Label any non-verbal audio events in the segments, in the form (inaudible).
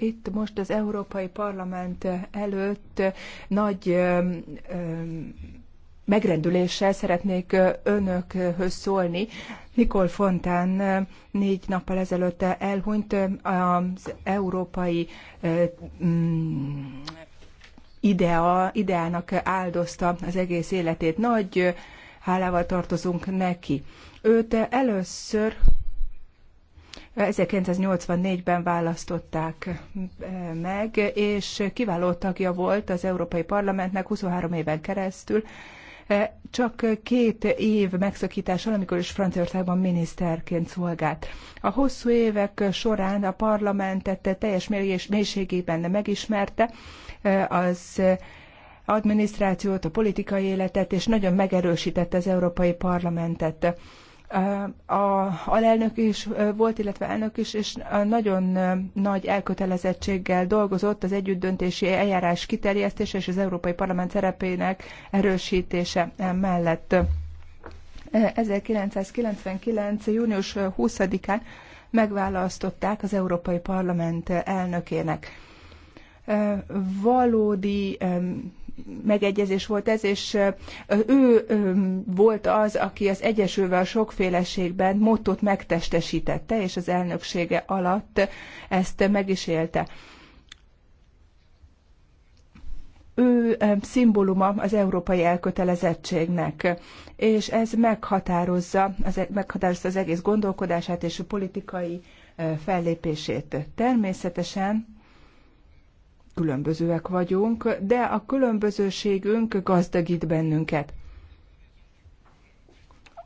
itt most az Európai Parlament előtt nagy megrendüléssel szeretnék önökhöz szólni. Nikol Fontán négy nappal ezelőtt elhunyt az európai mm, idea, ideának áldozta az egész életét. Nagy hálával tartozunk neki. Őt először 1984-ben választották eh, meg, és kiváló tagja volt az Európai Parlamentnek 23 éven keresztül, eh, csak két év megszakítással, amikor is Franciaországban miniszterként szolgált. A hosszú évek során a parlamentet teljes mélységében megismerte, eh, az adminisztrációt, a politikai életet, és nagyon megerősítette az Európai Parlamentet a alelnök is volt, illetve elnök is, és nagyon nagy elkötelezettséggel dolgozott az együttdöntési eljárás kiterjesztése és az Európai Parlament szerepének erősítése mellett. 1999. június 20-án megválasztották az Európai Parlament elnökének valódi megegyezés volt ez, és ő volt az, aki az Egyesülve a sokféleségben mottót megtestesítette, és az elnöksége alatt ezt meg is élte. Ő szimbóluma az európai elkötelezettségnek, és ez meghatározza, az, e-, az egész gondolkodását és a politikai fellépését. Természetesen különbözőek vagyunk, de a különbözőségünk gazdagít bennünket.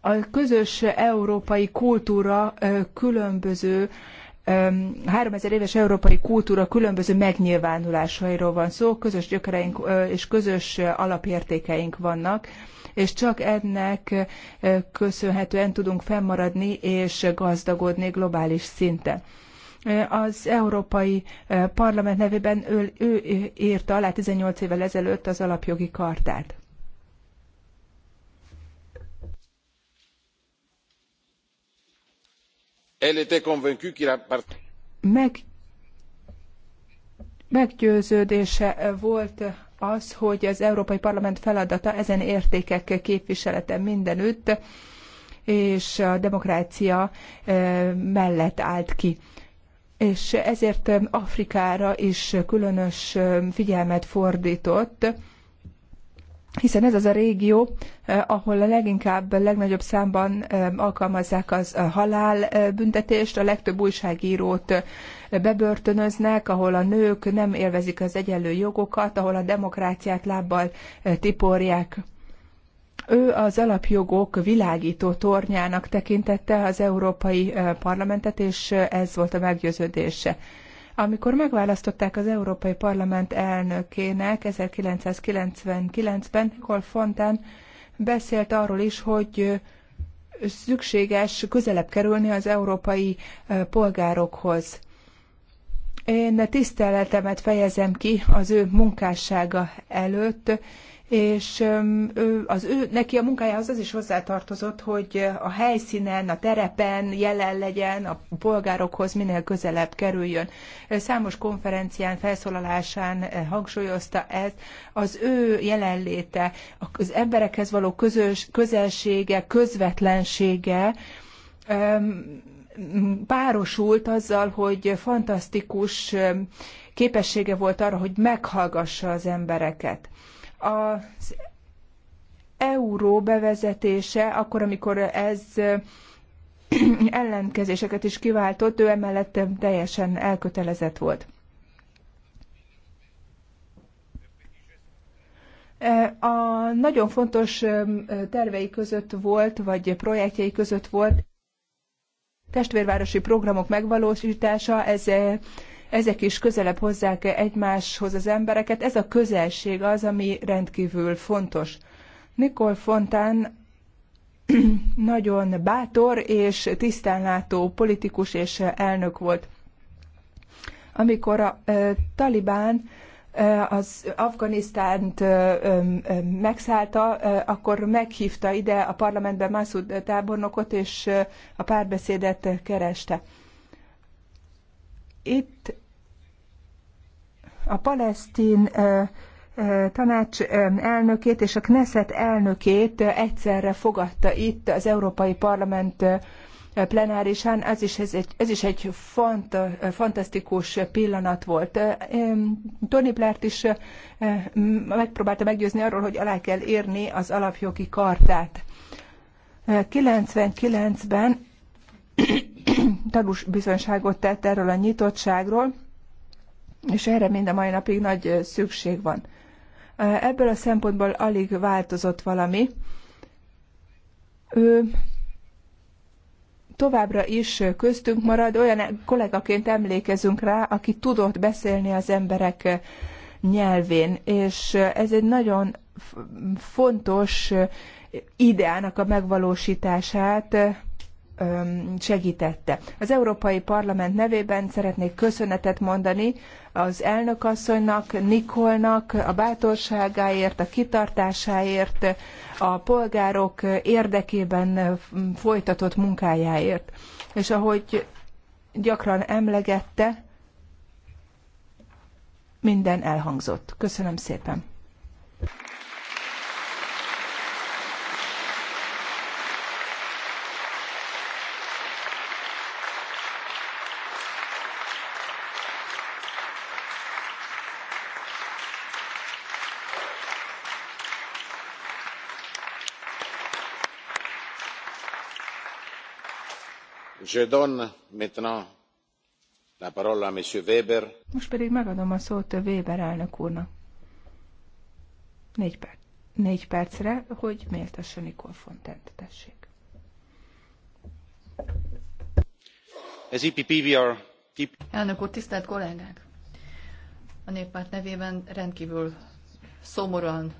A közös európai kultúra különböző 3000 éves európai kultúra különböző megnyilvánulásairól van szó, közös gyökereink és közös alapértékeink vannak, és csak ennek köszönhetően tudunk fennmaradni és gazdagodni globális szinten az Európai Parlament nevében ő, ő írta alá 18 évvel ezelőtt az alapjogi kartát. Meg, meggyőződése volt az, hogy az Európai Parlament feladata ezen értékek képviselete mindenütt, és a demokrácia mellett állt ki és ezért Afrikára is különös figyelmet fordított, hiszen ez az a régió, ahol a leginkább, legnagyobb számban alkalmazzák az halálbüntetést, a legtöbb újságírót bebörtönöznek, ahol a nők nem élvezik az egyenlő jogokat, ahol a demokráciát lábbal tiporják. Ő az alapjogok világító tornyának tekintette az Európai Parlamentet, és ez volt a meggyőződése. Amikor megválasztották az Európai Parlament elnökének 1999-ben, Nicole Fontaine beszélt arról is, hogy szükséges közelebb kerülni az európai polgárokhoz. Én tiszteletemet fejezem ki az ő munkássága előtt, és ő, az ő, neki a munkájához az is hozzátartozott, hogy a helyszínen, a terepen jelen legyen, a polgárokhoz minél közelebb kerüljön. Számos konferencián, felszólalásán eh, hangsúlyozta ezt. Az ő jelenléte, az emberekhez való közös, közelsége, közvetlensége, párosult azzal, hogy fantasztikus képessége volt arra, hogy meghallgassa az embereket. Az euró bevezetése, akkor, amikor ez (clears throat) ellenkezéseket is kiváltott, ő emellett teljesen elkötelezett volt. E, a nagyon fontos tervei között volt, vagy projektjei között volt testvérvárosi programok megvalósítása, ez, eh, ezek is közelebb hozzák egymáshoz az embereket. Ez a közelség az, ami rendkívül fontos. Nikol Fontán (clears throat) nagyon bátor és tisztánlátó politikus és elnök volt. Amikor a e, talibán az Afganisztánt megszállta, akkor meghívta ide a parlamentbe Massoud tábornokot, és a párbeszédet kereste. Itt a palesztin tanács elnökét és a Knesset elnökét egyszerre fogadta itt az Európai Parlament plenárisán, ez is, ez egy, ez is egy fant, fantasztikus pillanat volt. Tony Blair-t is eh, megpróbálta meggyőzni arról, hogy alá kell érni az alapjogi kartát. 99-ben eh, (coughs) tanús bizonyságot tett erről a nyitottságról, és erre mind a mai napig nagy eh, szükség van. Ebből a szempontból alig változott valami. Ő továbbra is köztünk marad, olyan kollégaként emlékezünk rá, aki tudott beszélni az emberek nyelvén, és ez egy nagyon fontos ideának a megvalósítását segítette. Az Európai Parlament nevében szeretnék köszönetet mondani az elnökasszonynak, Nikolnak a bátorságáért, a kitartásáért, a polgárok érdekében folytatott munkájáért. És ahogy gyakran emlegette, minden elhangzott. Köszönöm szépen! Weber. Most pedig megadom a szót Weber elnök úrnak. Négy, perc, négy percre, hogy méltassa Nikol Fontent, tessék. Az EPP, we are... Elnök úr, tisztelt kollégák! A néppárt nevében rendkívül szomorúan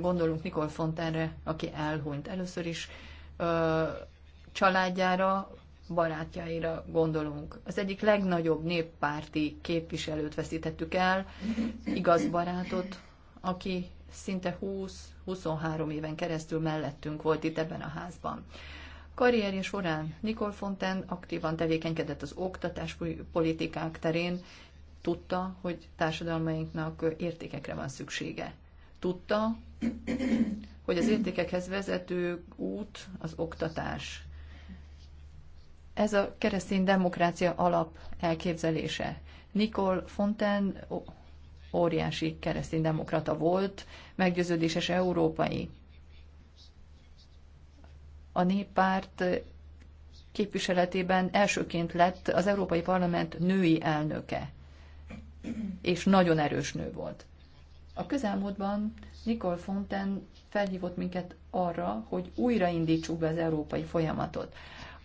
gondolunk Nikol Fontenre, aki elhunyt. Először is családjára, barátjaira gondolunk. Az egyik legnagyobb néppárti képviselőt veszítettük el, igaz barátot, aki szinte 20-23 éven keresztül mellettünk volt itt ebben a házban. Karrierje során Nikol Fonten aktívan tevékenykedett az oktatás politikák terén, tudta, hogy társadalmainknak értékekre van szüksége. Tudta, hogy az értékekhez vezető út az oktatás ez a keresztény demokrácia alap elképzelése. Nikol Fonten óriási keresztény demokrata volt, meggyőződéses európai. A néppárt képviseletében elsőként lett az Európai Parlament női elnöke, és nagyon erős nő volt. A közelmúltban Nikol Fonten felhívott minket arra, hogy újraindítsuk be az európai folyamatot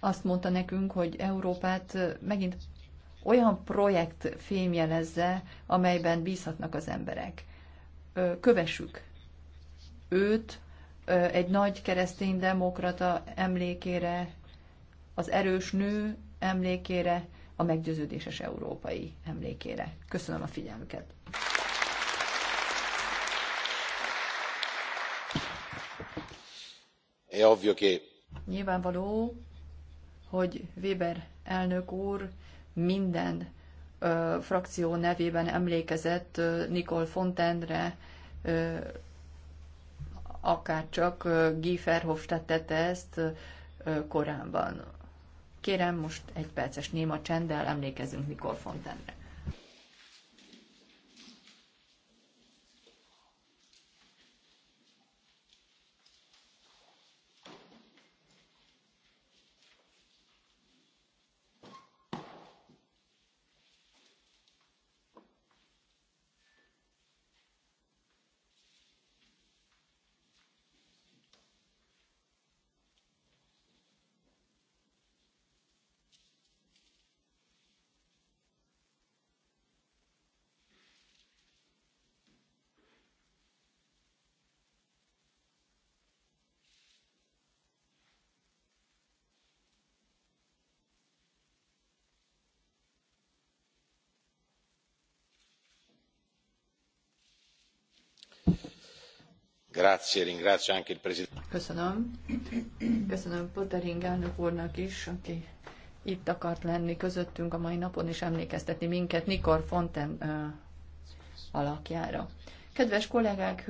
azt mondta nekünk, hogy Európát megint olyan projekt fémjelezze, amelyben bízhatnak az emberek. Kövessük őt egy nagy keresztény demokrata emlékére, az erős nő emlékére, a meggyőződéses európai emlékére. Köszönöm a figyelmüket! Nyilvánvaló, hogy Weber elnök úr minden ö, frakció nevében emlékezett ö, Nicole ö, akárcsak ö, Guy Verhofstadt tette ezt ö, korábban. Kérem, most egy perces néma csenddel emlékezünk Nicole Fontendre. Köszönöm. Köszönöm elnök úrnak is, aki itt akart lenni közöttünk a mai napon, és emlékeztetni minket Nikor fontaine alakjára. Kedves kollégák,